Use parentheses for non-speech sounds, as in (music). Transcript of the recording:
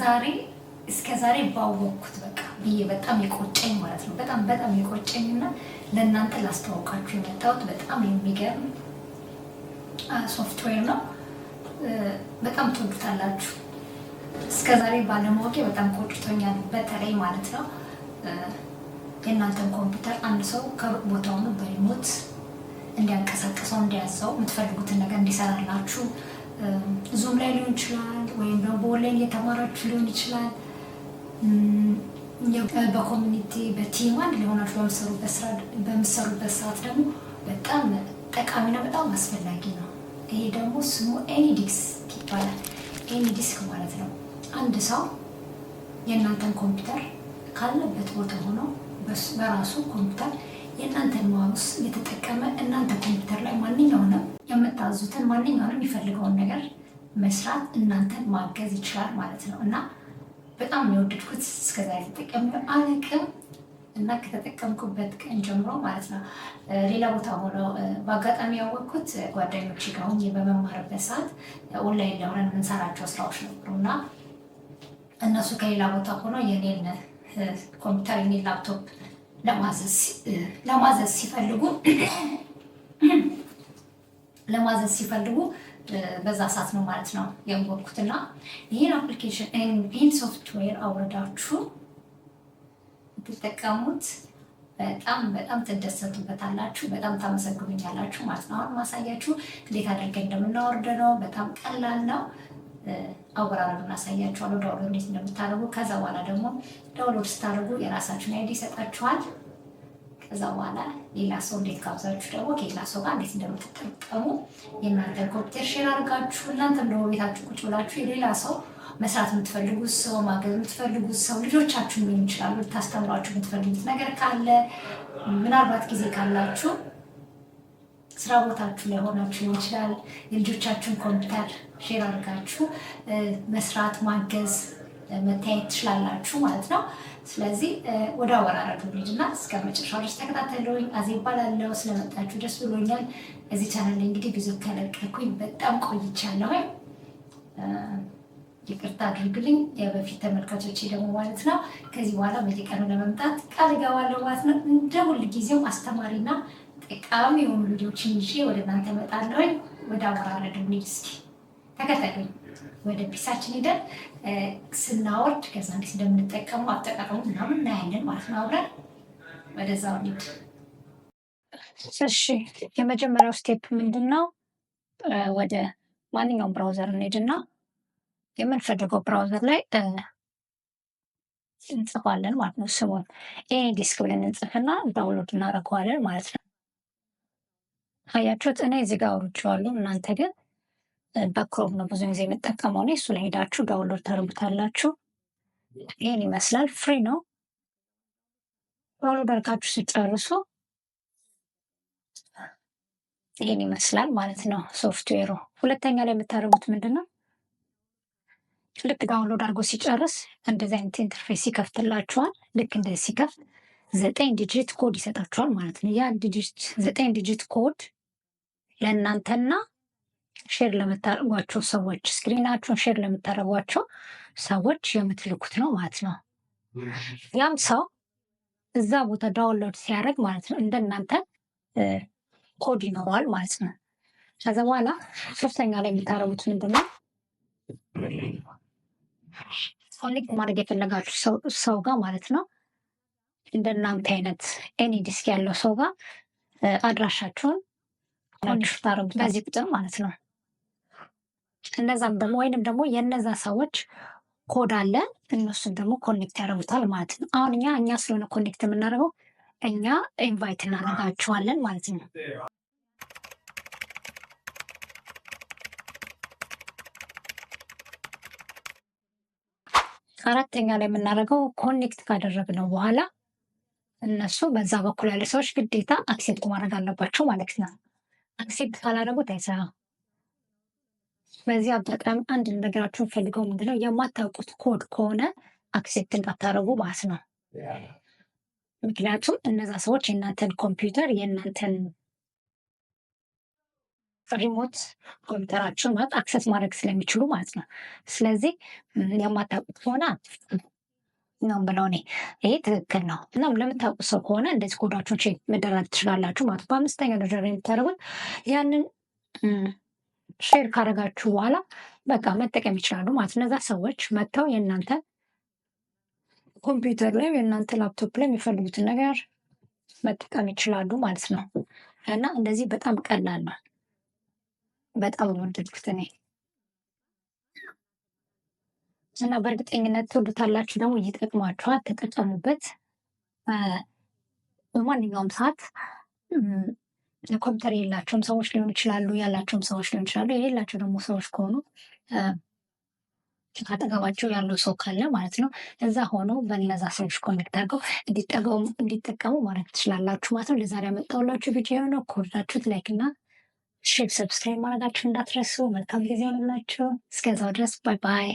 ዛሬ እስከ ዛሬ ባወቅኩት በቃ ብዬ በጣም የቆጨኝ ማለት ነው። በጣም በጣም የቆጨኝ እና ለእናንተ ላስተዋውቃችሁ የመጣሁት በጣም የሚገርም ሶፍትዌር ነው። በጣም ትወዱታላችሁ። እስከ ዛሬ ባለማወቄ በጣም ቆጭቶኛል። በተለይ ማለት ነው የእናንተን ኮምፒውተር አንድ ሰው ከሩቅ ቦታውን በሪሞት እንዲያንቀሳቀሰው እንዲያዘው፣ የምትፈልጉትን ነገር እንዲሰራላችሁ ዙም ላይ ሊሆን ይችላል፣ ወይም ደግሞ በኦንላይን እየተማራችሁ ሊሆን ይችላል። በኮሚኒቲ በቲም አንድ ሊሆናችሁ በምሰሩበት ሰዓት ደግሞ በጣም ጠቃሚና በጣም አስፈላጊ ነው። ይሄ ደግሞ ስሙ ኤኒዲክስ ይባላል። ኤኒዲስክ ማለት ነው አንድ ሰው የእናንተን ኮምፒውተር ካለበት ቦታ ሆኖ በራሱ ኮምፒውተር የእናንተን ማውስ እየተጠቀመ እናንተ ኮምፒውተር ላይ ማንኛውንም የምታዙትን ማንኛውንም ይፈልገው መስራት እናንተን ማገዝ ይችላል ማለት ነው እና በጣም የወደድኩት እስከዛ ተጠቀሚው አለቅም እና ከተጠቀምኩበት ቀን ጀምሮ ማለት ነው። ሌላ ቦታ ሆኖ በአጋጣሚ ያወቅኩት ጓደኞች ጋር ሆኜ በመማርበት ሰዓት ኦንላይን ለሆነ የምንሰራቸው ስራዎች ነበሩ እና እነሱ ከሌላ ቦታ ሆኖ የኔን ኮምፒውተር የኔን ላፕቶፕ ለማዘዝ ሲፈልጉ ለማዘዝ ሲፈልጉ (clears throat) በዛ ሰዓት ነው ማለት ነው ያወቅኩትና ይህን አፕሊኬሽን ይህን ሶፍትዌር አውርዳችሁ ብትጠቀሙት በጣም በጣም ትደሰቱበታላችሁ፣ በጣም ታመሰግኑኛላችሁ ማለት ነው። አሁን ማሳያችሁ እንዴት አድርገን እንደምናወርድ ነው። በጣም ቀላል ነው። አወራረዱ እናሳያችኋለሁ፣ ዳውንሎድ እንዴት እንደምታደርጉ። ከዛ በኋላ ደግሞ ዳውንሎድ ስታደርጉ የራሳችሁን አይዲ ይሰጣችኋል። ከዛ በኋላ ሌላ ሰው እንዴት ካብዛችሁ ደግሞ ከሌላ ሰው ጋር እንዴት እንደምትጠቀሙ የእናንተ ኮምፒውተር ሼር አድርጋችሁ እናንተም ደግሞ ቤታችሁ ቁጭ ብላችሁ የሌላ ሰው መስራት የምትፈልጉት ሰው ማገዝ የምትፈልጉት ሰው ልጆቻችሁ ሊሆን ይችላሉ። ልታስተምሯችሁ የምትፈልጉት ነገር ካለ ምናልባት ጊዜ ካላችሁ ስራ ቦታችሁ ላይ ሆናችሁ ሊሆን ይችላል። የልጆቻችሁን ኮምፒውተር ሼር አድርጋችሁ መስራት ማገዝ መታየት ትችላላችሁ ማለት ነው። ስለዚህ ወደ አወራረዱ እንሂድና እስከ መጨረሻው ድረስ ተከታተሉኝ። አዜ ይባላለው። ስለመጣችሁ ደስ ብሎኛል። እዚህ ቻናል እንግዲህ ብዙ ከለቀኩኝ በጣም ቆይቻለሁ። ይቅርታ አድርግልኝ የበፊት ተመልካቾች ደግሞ ማለት ነው። ከዚህ በኋላ በየቀኑ ለመምጣት ቃል እገባለሁ ማለት ነው። እንደ ሁል ጊዜው አስተማሪና ጠቃሚ የሆኑ ቪዲዮዎችን ይዤ ወደ እናንተ እመጣለሁ። ወደ አወራረዱ እንሂድ እስኪ ተከታተሉኝ። ወደ ፒሳችን ሄደን ስናወርድ ከዛ እንዴት እንደምንጠቀሙ አጠቃቀሙ ምናምን እናያለን ማለት ነው። አብረን ወደዛ ወሊድ። እሺ የመጀመሪያው ስቴፕ ምንድን ነው? ወደ ማንኛውም ብራውዘር እንሄድና የምንፈልገው ብራውዘር ላይ እንጽፋለን ማለት ነው። ስሙን ኤኒ ዲስክ ብለን እንጽፍና ዳውንሎድ እናደርገዋለን ማለት ነው። አያችሁት? እኔ እዚህ ጋር አውርቼዋለሁ እናንተ ግን በክሮም ነው ብዙ ጊዜ የምጠቀመው እኔ። እሱ ላይ ሄዳችሁ ዳውንሎድ ታደርጉታላችሁ። ይህን ይመስላል። ፍሪ ነው። ዳውንሎድ አድርጋችሁ ስጨርሱ ይህን ይመስላል ማለት ነው ሶፍትዌሩ። ሁለተኛ ላይ የምታደርጉት ምንድን ነው? ልክ ዳውንሎድ አድርጎ ሲጨርስ እንደዚህ አይነት ኢንተርፌስ ይከፍትላችኋል። ልክ እንደዚህ ሲከፍት ዘጠኝ ዲጂት ኮድ ይሰጣችኋል ማለት ነው። ያ ዘጠኝ ዲጂት ኮድ ለእናንተና ሼር ለምታደርጓቸው ሰዎች ስክሪናቸውን ሼር ለምታደርጓቸው ሰዎች የምትልኩት ነው ማለት ነው። ያም ሰው እዛ ቦታ ዳውንሎድ ሲያደርግ ማለት ነው እንደናንተ ኮድ ይኖረዋል ማለት ነው። ከዛ በኋላ ሶስተኛ ላይ የምታደርጉት ምንድነው ኮኔክት ማድረግ የፈለጋችሁ ሰው ጋር ማለት ነው እንደናንተ አይነት ኤኒ ዲስክ ያለው ሰው ጋር አድራሻችሁን ታደርጉት በዚህ ቁጥር ማለት ነው። እነዛም ደግሞ ወይንም ደግሞ የነዛ ሰዎች ኮድ አለ እነሱን ደግሞ ኮኔክት ያደርጉታል ማለት ነው። አሁን እኛ እኛ ስለሆነ ኮኔክት የምናደርገው እኛ ኢንቫይት እናደርጋቸዋለን ማለት ነው። አራተኛ ላይ የምናደርገው ኮኔክት ካደረግነው በኋላ እነሱ በዛ በኩል ያለ ሰዎች ግዴታ አክሴፕት ማድረግ አለባቸው ማለት ነው። አክሴፕት ካላደረጉት አይሰራም። በዚህ አጋጣሚ አንድ ነገራችሁ ፈልገው ምንድነው የማታውቁት ኮድ ከሆነ አክሴፕት እንዳታደረጉ ማለት ነው። ምክንያቱም እነዛ ሰዎች የእናንተን ኮምፒውተር የእናንተን ሪሞት ኮምፒውተራችሁን ማለት አክሰስ ማድረግ ስለሚችሉ ማለት ነው። ስለዚህ የማታውቁት ከሆነ ነው ብለው እኔ ይሄ ትክክል ነው። እናም ለምታውቁት ሰው ከሆነ እንደዚህ ኮዳችሁን መደራጅ ትችላላችሁ ማለት በአምስተኛ ደረጃ የምታደርጉት ያንን ሼር ካደረጋችሁ በኋላ በቃ መጠቀም ይችላሉ ማለት እነዛ ሰዎች መጥተው የእናንተ ኮምፒውተር ላይ የእናንተ ላፕቶፕ ላይ የሚፈልጉትን ነገር መጠቀም ይችላሉ ማለት ነው። እና እንደዚህ በጣም ቀላል ነው። በጣም ወደድኩት እኔ እና በእርግጠኝነት ትወዱታላችሁ፣ ደግሞ ይጠቅማችኋል። ተጠቀሙበት በማንኛውም ሰዓት ኮምፒውተር የላቸውም ሰዎች ሊሆኑ ይችላሉ፣ ያላቸውም ሰዎች ሊሆን ይችላሉ። የሌላቸው ደግሞ ሰዎች ከሆኑ አጠገባቸው ያለው ሰው ካለ ማለት ነው እዛ ሆነው በነዛ ሰዎች ኮኔክት አድርገው እንዲጠቀሙ ማድረግ ትችላላችሁ ማለት ነው። ለዛሬ ያመጣሁላችሁ ቪዲዮ የሆነው ከወደዳችሁት ላይክ እና ሼር፣ ሰብስክራይብ ማድረጋችሁ እንዳትረሱ። መልካም ጊዜ ሆንላችሁ። እስከዛው ድረስ ባይ ባይ።